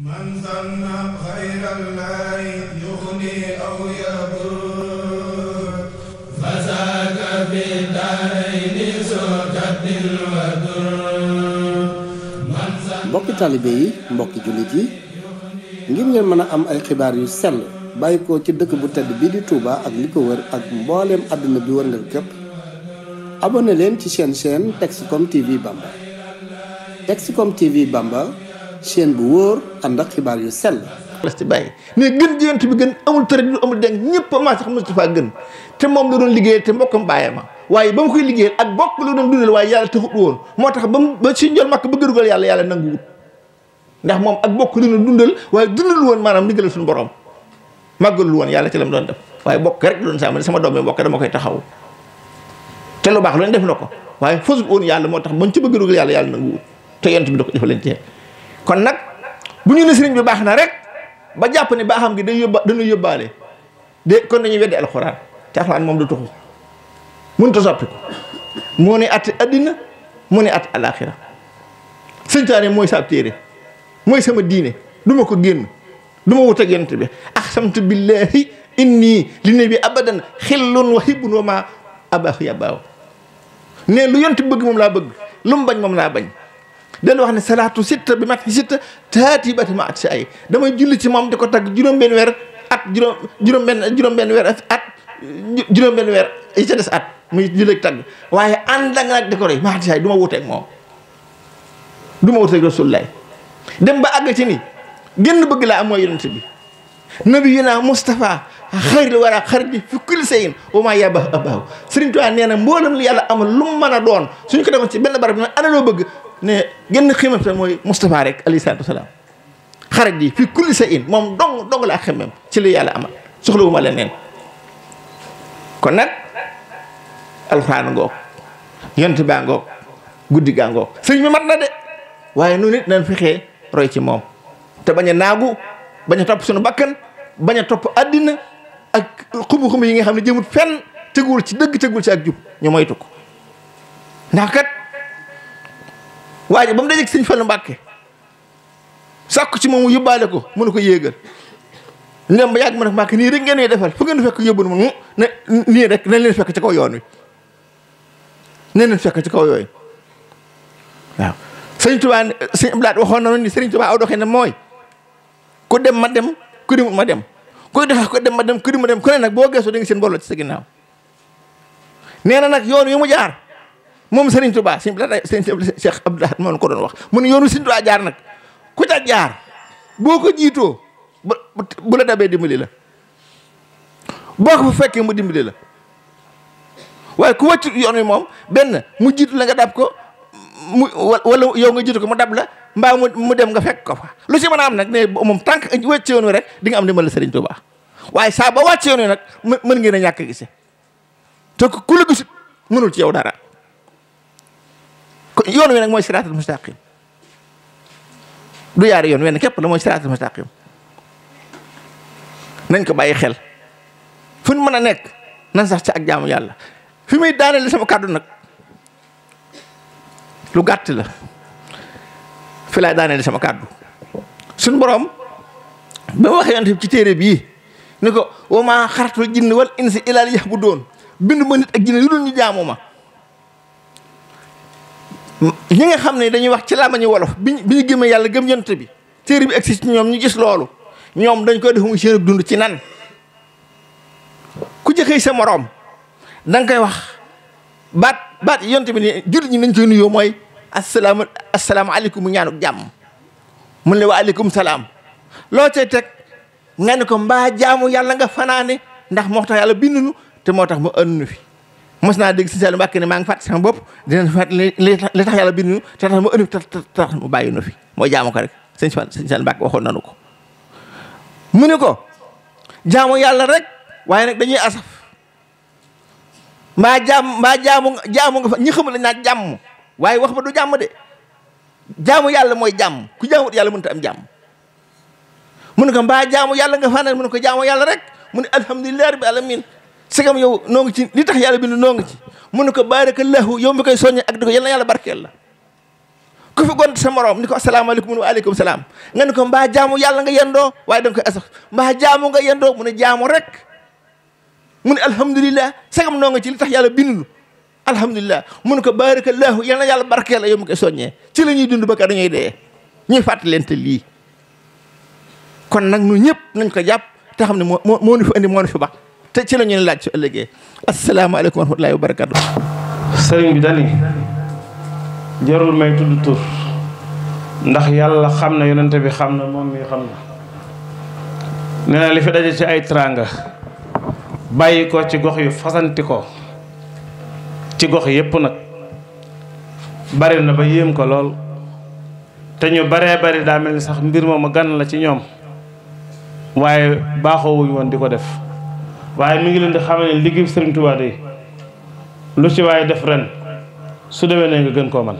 من ظن غير الله يغني أو mbokki taalibe yi mbokki jullit yi ngir ngeen mën a am ay xibaar yu sell bàyyi ko ci dëkk bu tedd bii di Touba ak li ko wër ak mbooleem àdduna bi wër nga képp leen ci seen seen Texcom TV Bamba Texcom TV Bamba chaîne bu wóor ànd ak xibaar yu sell. ci bàyyi mais gën jiyante bi gën amul tëre du amul dégg ñëpp a maase xam Moustapha gën te moom la doon liggéeyal te mbokkam bàyyee ma waaye ba mu koy liggéeyal ak bokk la doon dundal waaye woon moo tax ba mu ba si njol makk bëgg a dugal ndax moom ak bokk la doon dundal waaye dundal woon maanaam ndigal suñu borom màggalul woon yàlla ci la mu doon def waaye bokk rek doon sama doom bi mbokk koy taxaw te lu baax lu ne def na ko waaye fasut woon yàlla moo tax bañ ci bëgg a dugal yàlla yàlla nanguwut te yent bi da ko defal leen kon nag bu ñu ne sëriñ bi baax na rek ba jàpp ne baaxam gi day yóbba yóbbaale de kon dañuy weddi alxuraan te alxuraan moom du tuxu mënut a soppi ko moo ne at addina moo ne at alaxira sëñ mooy saab téere mooy sama diine du ma ko génn du ma wut ak yonent bi axsamtu billahi inni li ne bi abadan xillun wa hibun wa ma abaxu yabaaw ne lu yonent bëgg moom laa bëgg lum bañ moom laa bañ dellu wax ne salaatu sitta bi mat sitta taati bati ma at si ay damay julli ci moom di ko tagg juróom-benn weer at juróom juróom-benn weer at juróom weer yi ca des at muy julleeg tagg waaye ànd ak nag di ko rey ma at si du ma wuteeg moom du ma wuteeg rasulullaay dem ba àgg ci ni génn bëgg laa am mooy yonent bi nabiyuna Moustapha xarit a xarit bi fi kulli sayin wa maa yaba abaaw Sëriñ Tuubaa nee na mboolem li yàlla amul lu mu a doon suñ ko defoon ci benn barab bi nag ana loo bëgg ne genn xemam te mooy Moustapha rek alayhi salaatu wasalaam xarit yi fi kulli sa in moom dong dong la ak xemam ci li yàlla amal soxlawu ma leneen kon nag alxuraan ngoog yonent baa ngoog guddi gaa ngoog sëñ bi mat na de waaye nu nit nañ fexee roy ci moom te bañ a naagu bañ a topp suñu bakkan bañ a topp addina ak xubu-xubu yi nga xam ne jëmut fen teguwul ci dëgg teguwul ci ak jub ñu moytu ko ndax kat waa ji ba mu dajeeg sëñ Fallu Mbàkke sàkku ci moom mu yóbbaale ko mu ne ko yéegal ndem ba yàgg ma ne Mbàkke nii rek ngeen ñuy defal fu fekk yóbbu mu ne nii rek nañ fekk ci kaw yoon wi nañ leen fekk ci kaw yooyu waaw sëñ Tuubaa sëñ Blaat waxoon na ni sëñ Tuubaa aw doxee mooy ku dem ma dem ku dimut ma dem kuy dox ku dem ma dem ku dimut dem ku nag boo geesoo da seen mbooloo ci sa ginnaaw nee na nag yoon yu mu jaar mom Serigne Touba sëñ bi la Cheikh abdallah mon ko don wax mon ne yoonu Serigne Touba jaar nak ku ta jaar boko jito bu la dabee dimbali la bok bu fekke mu dimbali la way ku wacc yoon mom ben mu jitu la nga dab ko wala yow nga jitu ko mu dab la mba mu dem nga fek ko fa lu ci mën am nak ne mom tank wacc yoon rek di nga am dimbali Serigne Touba way sa ba wacc yoon nak nag mën ngeen a te ku lu gisul mënul ci yow dara yoon wi nag mooy siraatal mustaqim du yaari yoon wenn képp la mooy siraatal mustaqim nañ ko bàyyi xel fu mën a nekk nan sax ci ak jaamu yàlla fi muy daaneel sama kàddu nag lu gàtt la fi laay daaneel sama kàddu suñ borom ba waxee yonent bi ci téere bii ni ko wa maa xaratul jinni wal insi ilaa liya'buduun bindu ma nit ak jinne lu dul ñu jaamu ma ñu nga xam ne dañuy wax ci làmmiñu wolof bi bi ñu gëmee yàlla gëm yonent bi téere bi agsi ci ñoom ñu gis loolu ñoom dañ koy def muy seen dund ci nan ku jëkkee sa moroom danga koy wax baat baat yonent bi ne jullit ñi nañ koy nuyoo mooy asalaam asalaamaaleykum mu jàmm mun ne wa aleykum salaam loo cay teg nga ne ko mbaa jaamu yàlla nga fanaane ndax moo tax yàlla binduñu te moo tax mu ënnu fi mos naa dégg si Saliou Mbacke ne maa ngi fàtt sama bopp dinañ fàtt li li tax yàlla bind ñu te tax mu ëllëg te mu bàyyi nu fi mooy jaamu ko rek sëñ sëñ Saliou Mbacke waxoon nanu ko mu ne ko jaamu yàlla rek waaye nag dañuy asaf mbaa jaam mbaa jaamu jaamu nga fa ñi xam lañ naan jàmm waaye wax ba du jàmm de jaamu yàlla mooy jàmm ku jaamut yàlla mënut am jàmm ne ko mbaa jaamu yàlla nga fànaan mu ne ko jaamu yàlla rek mu ne alhamdulilah rabbi alamin sikam yow nong ci li tax yalla bindu nong ci mu ne ko baarakallahu yow mi koy soññe ak diko yalla yalla barkel la ku fi gont sa morom niko assalamu alaykum wa alaykum salam ngane ko mba jaamu yalla nga yendo way dang koy asaf mba jaamu nga yendo munu jaamu rek munu ne sikam nong ci li tax yalla bindu alhamdulilah mu ne ko baarakallahu yal la yow mi koy soññee ci lañuy dund ba ka dañuy dee ñuy fàttalente li kon nak nu ñep nañ ko japp te xamne mo moo moo fi andi mo ñu fi ba te ci la ñu laaj su ëllëgee asalaamaaleykum wa rahmatullaahi wa barakaatu. sëriñ bi dani jarul may tudd tur ndax yàlla xam na yonente bi xam na moom mi xam na nee na li fi daje ci ay tranga bàyyi ko ci gox yu fasanti ko ci gox yépp nag bari na ba yéem ko lool te ñu baree bari daa mel ni sax mbir moom a gan la ci ñoom waaye baaxoo wuñ woon di ko def waaye mi ngi leen di xamal ne liggéey Sëriñ Tuubaa de lu ci waaye def ren su demee ne nga gën koo man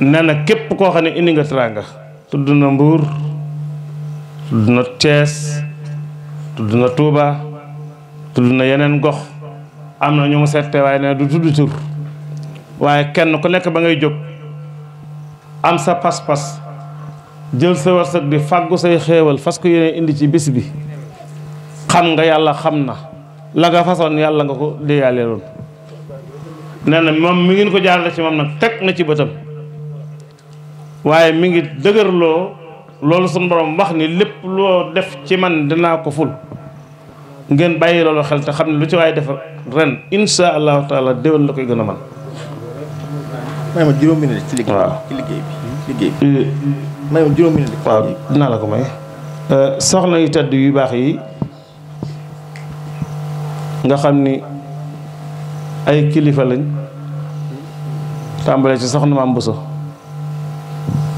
nee na képp koo xam ne indi nga teraanga tudd na Mbuur tudd na Thiès tudd na tuubaa tudd na yeneen gox am na ñu mu waaye nee du tudd tur waaye kenn ku nekk ba ngay jóg am sa pas-pas jël sa wërsëg di fàggu say xéewal fas ko yéene indi ci bis bi xam nga yàlla xam na la nga façon yàlla nga ko déyaaleeloon nee na moom mi ngeen ko jaarale ci moom nag teg na ci bëtam waaye mi ngi dëgërloo loolu suñu borom wax ni lépp loo def ci man dinaa ko ful ngeen bàyyi loolu xel te xam ne lu ci waaye def ren insha allahu taala déwén la koy gën a man may ma waaw dinaa la ko may euh, soxna yu tedd yu baax yi nga xam ni ay kilifa lañ tàmbalee ci soxna maam Bousso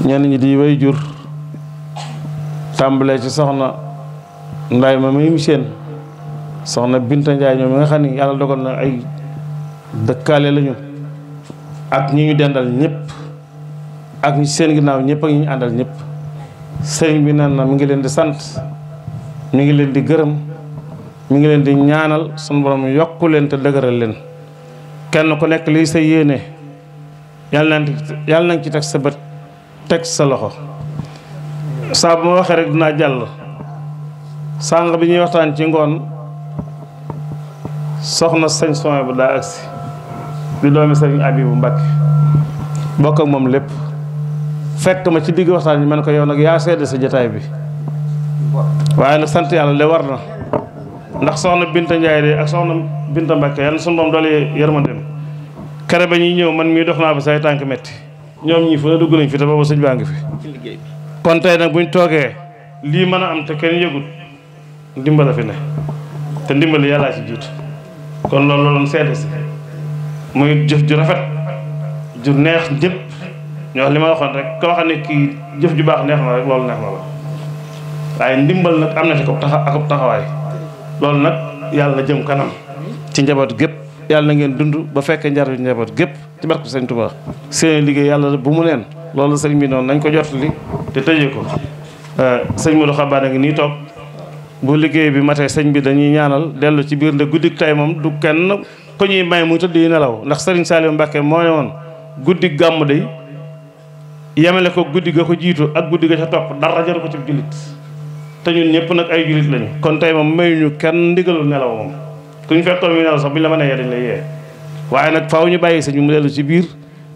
ñenn ñi di way jur tàmbalee ci soxna ndaay ma muy seen soxna Binta Njaay ñoom mi nga xam ni yàlla dogal na ay dëkkaale lañu ak ñi ñu dendal ñépp ak ñi seen ginnaaw ñëpp ak ñi ñu àndal ñëpp sëriñ bi naan na mi ngi leen di sant mi ngi leen di gërëm mi ngi len di ñaanal sun borom yokku len te dëgëral len kenn ku nek li sey yene yalla nang yalla nang ci tek sa beut tek sa loxo sa bu ma waxee rek dina jall sang bi ñi waxtaan ci ngon soxna señ Sonia bu da aksi di doomi sëriñ Abibu mbak bok ak mom lepp fekk ma ci digg waxtaan ñu man ko yow nag yaa de sa jotaay bi waye nak sant yalla le warna ndax soxna Binta Njaay de ak soxna Binta Mbàkke yàlla suñu moom doole yërmandeem ba ñuy ñëw man mii dox naa ba say tànk métti ñoom ñii fu ne dugg nañ fi te booba sëñ baa ngi fi kon tey nag buñ toogee lii mën a am te kenn yëgut ndimbal a fi ne te ndimbali yàllaa ci jiitu kon loolu loolu seede jëf ju rafet ju neex ñëpp ñu li ma waxoon rek koo xam jëf ju baax neex na rek loolu na la waaye ndimbal nag am na ci ko taxa akub taxawaay loolu nag yàlla na jëm kanam ci njaboot gépp yàlla na ngeen dund ba fekkee njariñ njaboot gépp ci barke Sëñ Tuubaa seen liggéey yàlla bu mu leen loolu sëñ bi noonu nañ ko jottali te tëjee ko euh, sëñ Modou Xabaan a ngi nii toog bu liggéey bi matee sëñ bi dañuy ñaanal dellu ci biir nde guddik tay moom du kenn ko ñuy may muy tëdd yi nelaw ndax sëriñ Saliou Mbacke moo ne woon guddi gàmm day yemale ko guddi ga ko jiitu ak guddi ga ca topp dara jaru ko ci te ñun ñëpp nag ay jullit lañu kon tey moom mayuñu kenn ndigalu nelaw moom kuñ fekkoon ñu nelaw sax buñ la mënee yee dañ lay yee waaye nag faw ñu bàyyi sañu mu dellu ci biir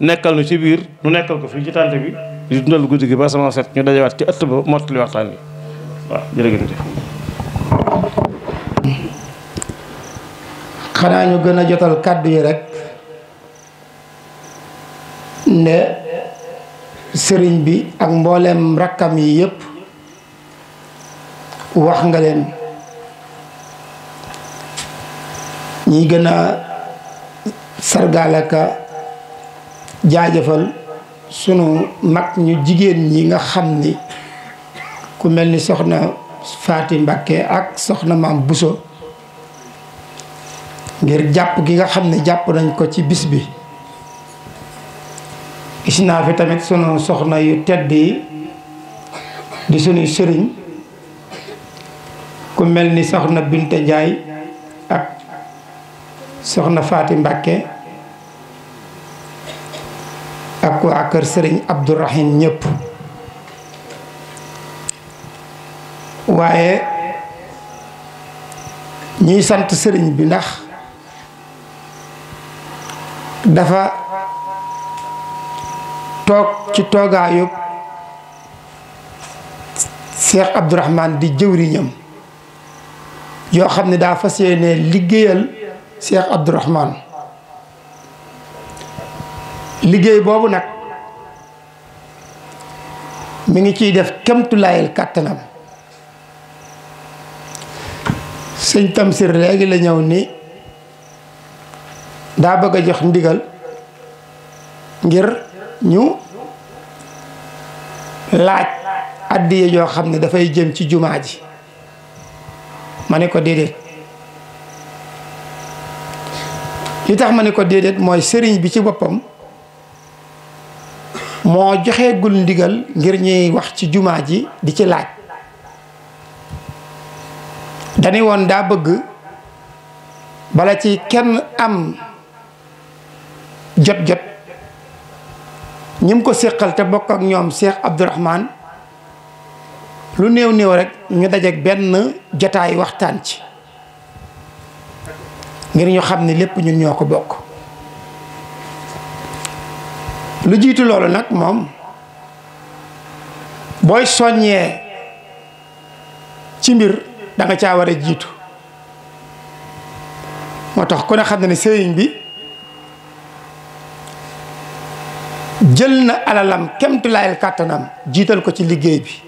nekkal nu ci biir nu nekkal ko fii ci tànt bi di dundal guddi gi ba sama set ñu dajewaat ci ëtt ba mottali waxtaan bi xanaa ñu gën a jotal kàddu yi rek ne sëriñ bi ak mbooleem rakkam yi yëpp wax nga leen ñi gën a sargaalaka jaajëfal sunu mag ñu jigéen ñi nga xam ni ku mel ni soxna Faati Mbàkke ak soxna Maam Buso ngir jàpp gi nga xam ne jàpp nañ ko ci bis bi gis fi tamit sunu soxna yu tedd yi di sunuy sëriñ ku mel ni soxna Binta Njaay ak soxna Faati Mbàkke ak waa kër sëriñ Abdourahim ñëpp waaye ñuy sant sëriñ bi ndax dafa toog ci toogaayub Cheikh Abdourahman di jëwriñam yoo xam ne daa fas yéene liggéeyal Cheikh Abdourahman liggéey boobu nag mu ngi ciy def kemtulaayal kàttanam sëñ Tamsir léegi la ñëw ni daa bëgg a jox ndigal ngir ñu laaj addiye yoo xam ne dafay jëm ci jumaa ji ma ko déedéet li tax ma ne ko déedéet mooy sëriñ bi ci boppam moo joxeegul ndigal ngir ñuy wax ci jumaa ji di ci laaj dañu woon daa bëgg bala ci kenn am jot jot ñi ko séqal te bokk ak ñoom Cheikh Abdourahman lu néew néew rekk ñu dajeek benn jotaay waxtaan ci ngir ñu xam ne lépp ñun ñoo ko bokk lu jiitu loolu nag moom booy soññee ci mbir danga nga caa war jiitu moo tax ku ne xam ne ni sëriñ bi jël na alalam kemtulaayal kàttanam jiital ko ci liggéey bi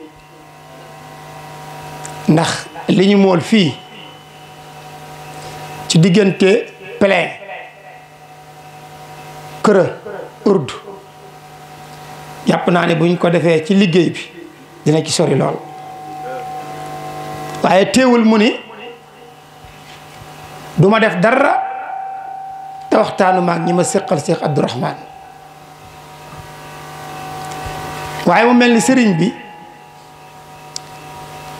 ndax li ñu mool fii ci diggante plein kërë urd jàpp naa ne buñ ko defee ci liggéey bi dina ci sori lool waaye teewul mu ni duma def dara te waxtaanu maag ñi ma séqal Seex Abdourahmane waaye mu mel ni sëriñ bi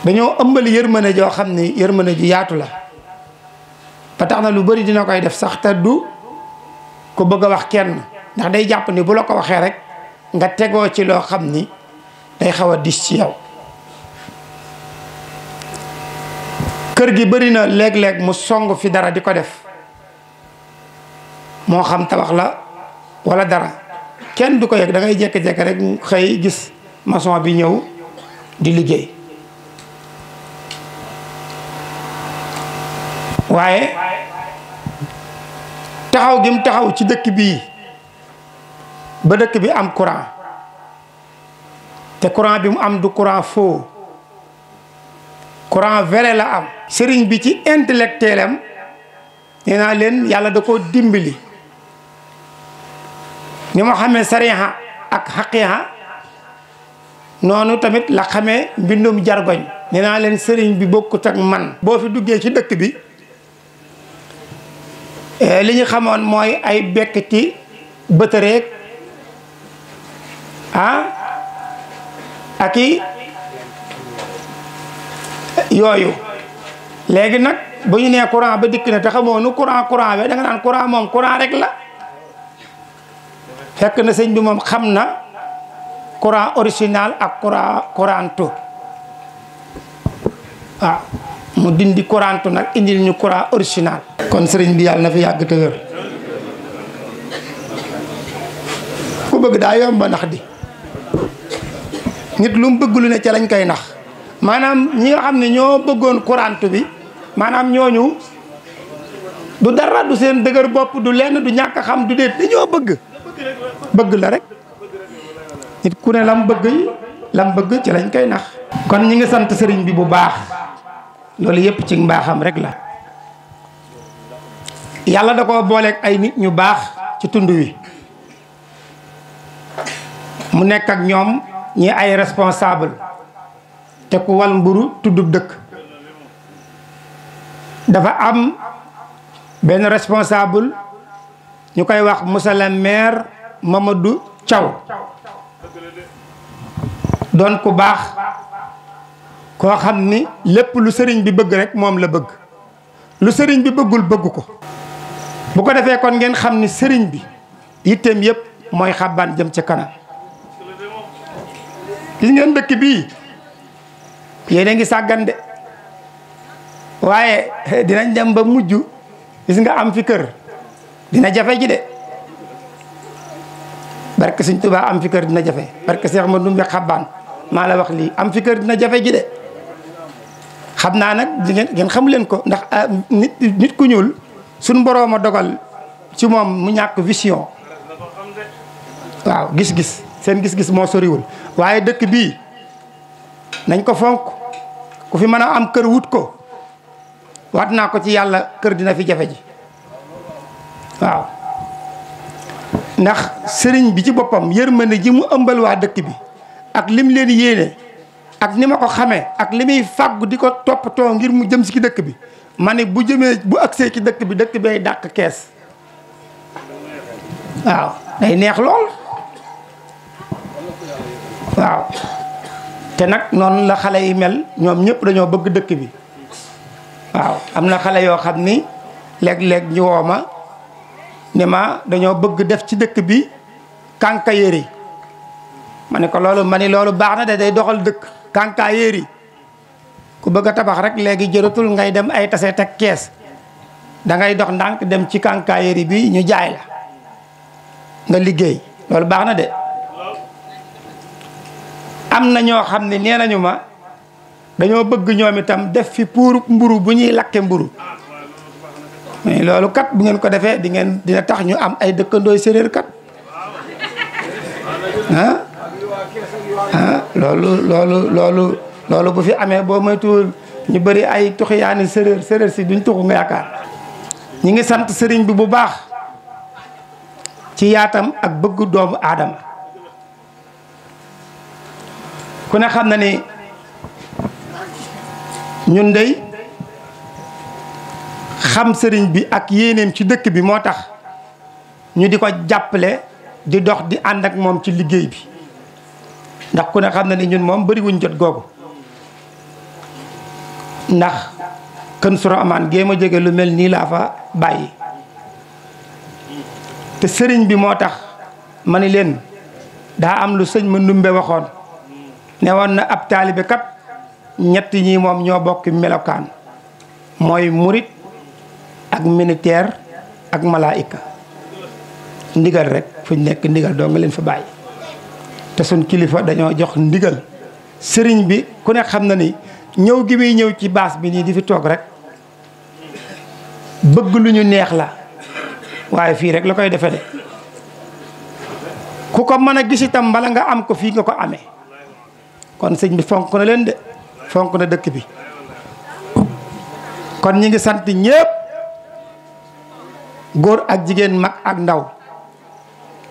dañu ëmbal yërmëne jo xamni yërmëne yërmande ju yaatu la ba tax na lu bari dina koy def sax ta du ko bëgg wax kenn ndax day japp ni bu la ko waxé rek nga téggo ci lo xamni day xawa a dis ci yow. kër gi bari na lég lég mu song fi dara di def mo xam tabax la wala dara kenn du ko yegg da ngay jékki-jékki rek xey gis maçon bi ñëw di liggéey. waaye taxaw gi mu taxaw ci dëkk bii ba dëkk bi am courant te courant bi mu am du courant faux courant vere la am sëriñ bi ci intellectuel am leen yàlla da koo dimbali ni ma xamee sariha ak xaqiha noonu tamit la xamee mbindum jargoñ nee naa leen sëriñ bi bokkut ak man boo fi duggee ci dëkk bi Eh, li ñu xamoon mooy ay bekkti bëtëreeg ah ak i yooyu léegi nag bu ñu nee courant ba dikk na te xamoo nu courant courant bi da nga courant moom courant rek la fekk na sëñ bi moom xam na courant original ak courant courantu waaw mu dindi courantu nak indil ñu courant original kon serigne bi yalla na fi yag teur ku bëgg da yomb ba nax di nit lu mu bëgg lu ne ci lañ koy nax manam ñi nga xam ñoo bëggoon courantu bi manam ñoñu du dara du seen degeur bop du lenn du ñak xam du deet dañoo bëgg bëgg la rek nit ku ne lam bëgg lam bëgg ci lañ koy nax kon ñi nga sant serigne bi bu baax loolu yépp ci mbaaxam rek la yàlla da koo booleeg ay nit ñu baax ci tund wi mu nekk ak ñoom ñi ay responsable te ku wal mburu tuddub dëkk dafa am benn responsable ñu koy wax monsieur maire Mamadou Thiaw doon ku baax ko xamni ni lu serigne bi bëgg rek mom la bëgg lu serigne bi bëggul bëgg ko bu ko defé kon ngeen xamni ni bi yittem yépp moy xabbaan jëm ci kanam gis ngeen dëkk bi yéen ngi sàggan de waaye dinañ dem ba mujju gis nga am fi kër dina jafé ji dé barké serigne touba am fi kër dina jafé barké cheikh mbé wax li am fi kër dina jafé ji dé xam naa nag di ngeen ngeen xamu leen ko ndax ah, nit nit ku ñuul suñ boroom a dogal ci moom mu ñàkk vision waaw gis-gis seen gis-gis moo soriwul waaye dëkk bii nañ ko fonk ku fi mën a am kër wut ko wat naa ko ci yàlla kër dina fi jafe ji waaw ndax sëriñ bi ci boppam yërmande ji mu ëmbal waa dëkk bi ak lim leen yéene ak ni ma ko xamee ak li muy fàggu di ko toppatoo ngir mu jëm si ki dëkk bi ma ne bu jëmee bu agsee ci dëkk bi dëkk bay dàq kees waaw day neex lool waaw te nag noonu la xale yi mel ñoom ñëpp dañoo bëgg dëkk bi waaw am na xale yoo xam ni léeg-léeg ñu ma ni ma dañoo bëgg def ci dëkk bi kànka yëri ma ne ko loolu ma ni loolu baax na de day doxal dëkk kanka yeri ku bëgg tabax rek légui jëratul ngay dem ay tassé tek kees da ngay dox ndank dem ci kanka yeri bi ñu jaay la nga liggéey loolu baxna dé am na ham xam ne ma dañoo bëgg ñoom itam def fi pour mburu bu ñuy laké mburu mais lolu kat bu ngeen ko di ngeen dina tax ñu am ay dekkandoy séréer kat ah ah loolu loolu loolu bu fi amee boo moytuwul ñu bari ay tuxiyaani séréer séréer si duñ tuxu nga yaakaar ñi ngi sant sëriñ bi bu baax ci yaatam ak bëgg doomu aadama ku ne xam na ni ñun dey xam sëriñ bi ak yéeneem ci dëkk bi moo tax ñu di ko jàppale di dox di ànd ak moom ci liggéey bi ndax ku ne xam na ni ñun moom bariwuñ jot googu ndax kën soro amaan géem a jege lu mel nii laa fa bàyyi te sëriñ bi moo tax ma ni leen daa am lu sëñ ma ndumbe waxoon ne woon na ab taalibe kat ñett ñi moom ñoo bokk melokaan mooy murit ak militaire ak malaayika ndigal rek fu ñu nekk ndigal doo nga leen fa bàyyi te suñ kilifa dañoo jox ndigal sëriñ bi ku ne xam na ni ñëw gi muy ñëw ci baas bi nii di fi toog rek bëgg lu ñu neex la waaye fii rek la koy defe de ku ko mën a gis itam bala nga am ko fii nga ko ame kon sëñ bi fonk na leen de fonk na dëkk bi kon ñu ngi sant ñépp góor ak jigéen mag ak ndaw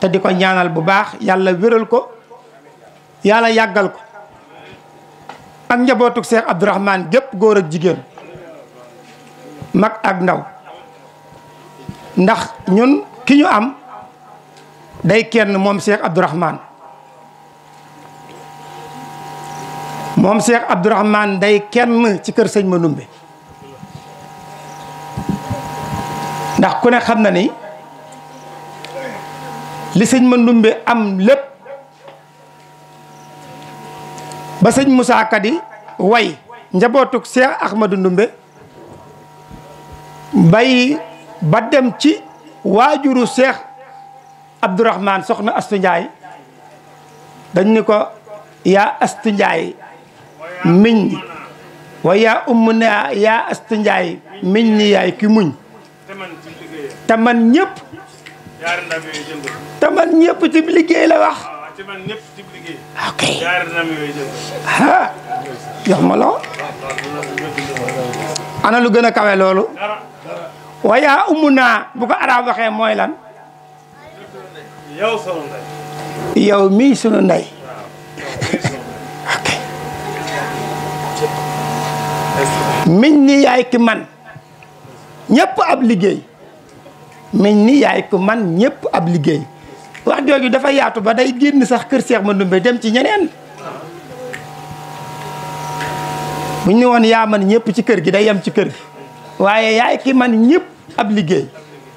te di ko ñaanal bu baax yàlla wéral ko yàlla yàggal ko ak njabootuk Seex Abdourahmane gépp góor ak jigéen mag ak ndaw ndax ñun ki ñu am day kenn moom Seex Abdourahmane moom Seex Abdourahmane day kenn ci kër sëñ Manumbe ndax ku ne xam na ni li sëñ ma Manumbe am lépp ba sëñ Moussa Kadi way njabootug Cheikh Ahmadou Ndumbe bay ba dem ci waajuru Cheikh Abdourahman soxna Astu Njaay dañ ni ko yaa Astu Njaay miñ wa yaa umm na yaa Astu Njaay miñ ni yaay ki muñ te man ñëpp te ci liggéey la wax ok ah jox ana lu gën a kawe loolu waaye yaa umu naa bu ko arab waxee mooy lan yow yow mii sunu ndey ok miñ ni yaay ki man ñëpp ab liggéey miñ ni yaay ki man ñëpp ab liggéey wax joju dafa yaatu ba day genn sax keur Cheikh Mandoumbe dem ci ñeneen bu ñu won ya man ñepp ci keur gi day yam ci keur gi waye yaay ya, ki man ñepp ab liggey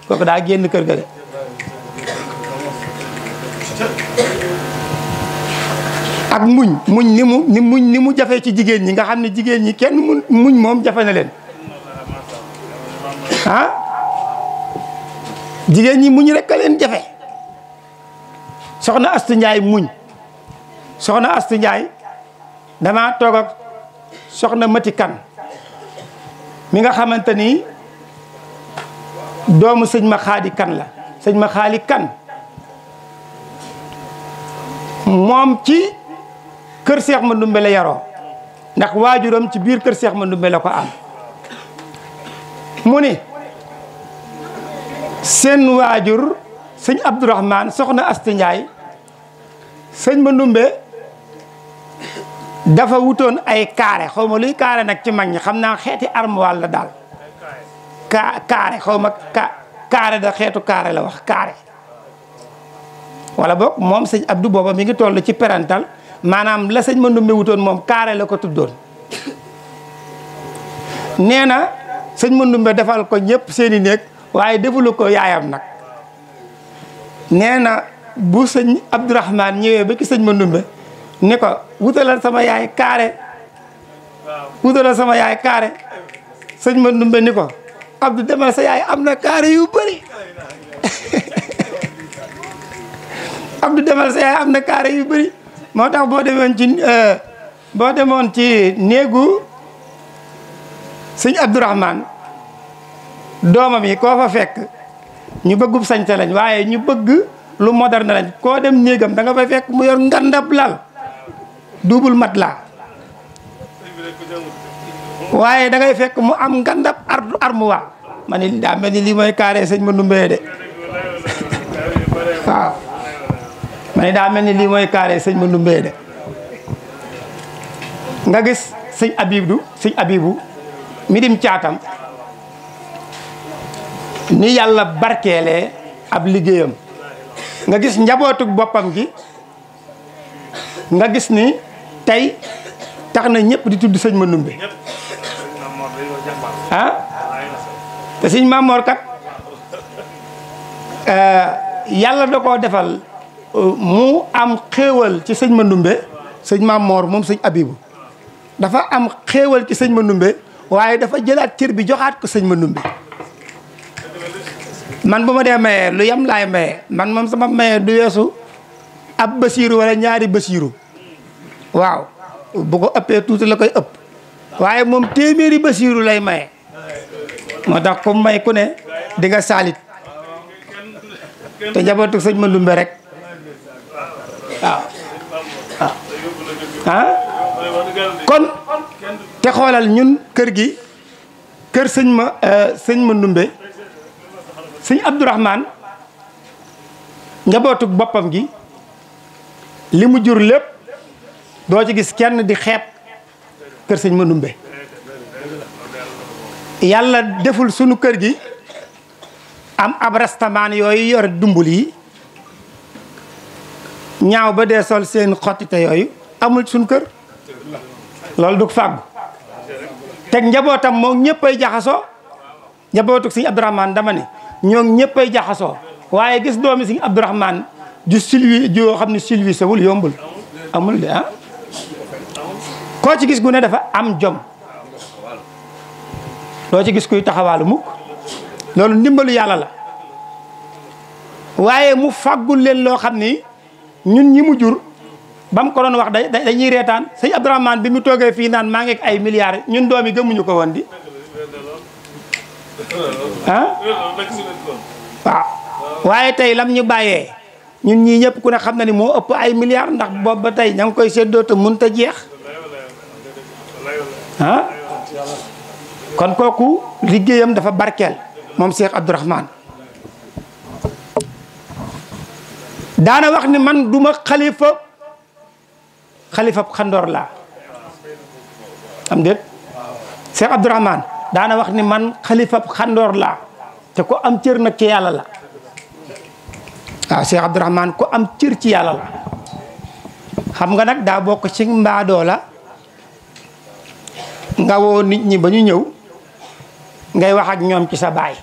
koku da genn keur ga ak muñ muñ ni mu ni muñ ni mu jafé ci jigéen ñi nga xam jigéen ñi kenn muñ mom jafe na leen ha jigéen ñi muñ rek ka leen jafe soxna astu njaay muñ soxna astu njaay dama toog ak soxna mati kan mi nga xamanteni doomu sëñ ma xaadi kan la sëñ ma xaali kan mom ci keur cheikh ma ndumbe la ndax wajuram ci bir keur cheikh ma ndumbe ko am muni sen wajur sëñ Abdourahmane soxna Asti Ndiaye sëñ Mandumbe dafa wutoon ay carré xaw ma luy carré nag ci mag ñi xam naa xeeti armoire la daal ka carré xaw ma carré da xeetu carré la wax carré wala boog moom sëñ Abdou booba mi ngi toll ci parental maanaam la sëñ Mandumbe wutoon moom carré la ko tuddoon nee na sëñ Mandumbe defal ko ñëpp seeni i néeg waaye defalu ko yaayam nag nee na bu sëñ Abdourahman ñëwee ba ki sëñ Mandumbe ni ko wutalal sama yaay kaare wutalal sama yaay kaare sëñ Mandumbe ni ko Abdou demal sa yaay am na kaare yu bëri Abdou demal sa yaay am na kaare yu bëri moo tax boo demoon ci euh, boo demoon ci néegu sëñ Abdourahman doomam yi koo fa fekk ñu bëggub sañse lañ waaye ñu bëgg lu moderne lañ ko dem néegam da nga fay fekk mu yor ngandab lal double mat laa da ngay fekk mu am ngandab ar armoire ma ni daa mel ni lii carré sëñ ma ndumbee dé si da mel carré sëñ dé nga gis sëñ abibdu sëñ abibu mi dim ni yalla barkele ab liggéeyam nga gis njabotuk bopam gi nga gis ni tay taxna na di tudd sëñ Mandoumbe ha ah? te ma Mamor kat euh, Yalla da ko defal mu am xewal ci sëñ señ ma Mamor mom señ Abibu dafa am xewal ci sëñ Mandoumbe waye dafa jëlat tir bi joxat ko sëñ Mandoumbe man buma ma dee lu yam lay maye man mom sama maye du yesu ab basiru wala ñaari basiru waaw bu ko uppé tout la koy upp waaye mom téméri basiru lay maye moo tax may ku né di nga salit té jabatu señ ma lumbe rek waaw kon té xolal ñun kër gi kër señ ma eh, señ ma ndumbe sëñ abdourahman njabootu bopam gi limu jur lepp do ci gis kenn di xeeb kër seigne yalla deful sunu kër gi am abrastaman yoy yor dumbul yi ñaaw ba dee sol seen xottite amul sunu kër loolu du fag tek njabotam mo ñeppay jaxaso si seigne abdourahman dama ni. Nyong ñëppay jaxaso waye gis doomi sing Abdourahman ju silwi joo xamni silwi sawul yombul amul de ah ko ci gis gune dafa am jom lo ci gis kuy taxawal mu loolu ndimbalu yalla la waye mu fagul len lo xamni ñun ñi mu jur bam ko don wax da dañuy retane sëñ Abdourahman bi mu toge fi nan ma ngi ay milliards ñun doomi yi ko di Ah. waye tay lam ñu bàyyee ñun ñi ñëpp ku ne xam na ni mo upp ay milliards ndax bob ba tay ñang koy séddoo te jeex kon koku liggéeyam dafa barkel mom Cheikh abdourahman daana wax ni man duma khalifah, khalifah khandor la am deet Cheikh abdourahman dana wax ni man khalifa khandor la te ko am cër nak ci yalla la waaw Cheikh abdourahman ko am cër ci yalla la xam nga nak da bok ci la nga wo nit ñi bañu ñew ngay wax ak ñom ci sa bay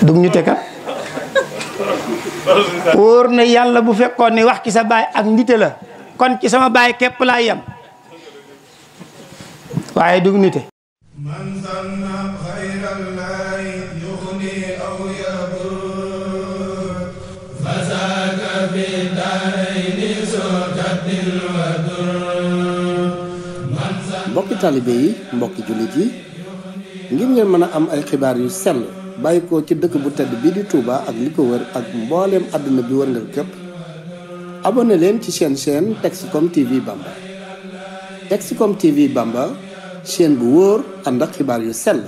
dug ñu teka wor na yalla bu fekkone wax ci sa bay ak kon ci sama bay kep la yam waaye dug nite mbokki taalibe yi mbokki jullit yi ngir ngeen mën a am ay xibaar yu sell bàyyi ko ci dëkk bu tedd bii di Touba ak li ko wër ak mbooleem àdduna bi wërngal képp abonné leen ci seen chaîne Texcom TV Bamba Bamba chaîne bu wóor ànd ak xibaar yu sell